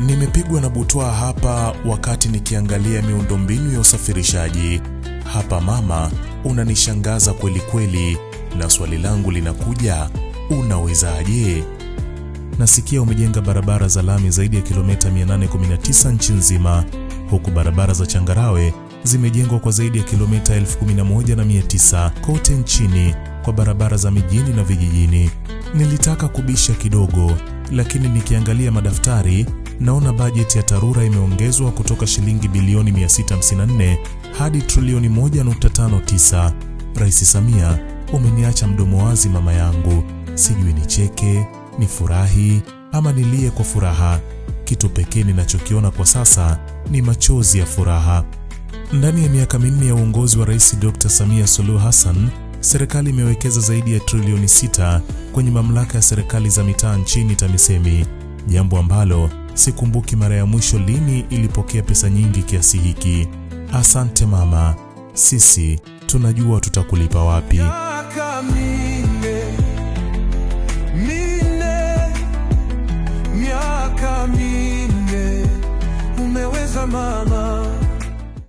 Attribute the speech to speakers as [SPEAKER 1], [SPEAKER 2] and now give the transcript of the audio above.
[SPEAKER 1] Nimepigwa na butwaa hapa wakati nikiangalia miundombinu ya usafirishaji hapa. Mama, unanishangaza kweli kweli, na swali langu linakuja, unawezaje? Nasikia umejenga barabara za lami zaidi ya kilomita 819 nchi nzima, huku barabara za changarawe zimejengwa kwa zaidi ya kilomita 11,900 kote nchini kwa barabara za mijini na vijijini. Nilitaka kubisha kidogo, lakini nikiangalia madaftari naona bajeti ya TARURA imeongezwa kutoka shilingi bilioni 654 hadi trilioni 1.59. Rais Samia, umeniacha mdomo wazi mama yangu, sijui nicheke, nifurahi ama nilie kwa furaha. Kitu pekee ninachokiona kwa sasa ni machozi ya furaha. Ndani ya miaka minne ya uongozi wa Rais Dr. Samia Suluhu Hassan, serikali imewekeza zaidi ya trilioni 6 kwenye mamlaka ya serikali za mitaa nchini TAMISEMI, jambo ambalo Sikumbuki mara ya mwisho lini ilipokea pesa nyingi kiasi hiki. Asante mama, sisi tunajua tutakulipa wapi. mama.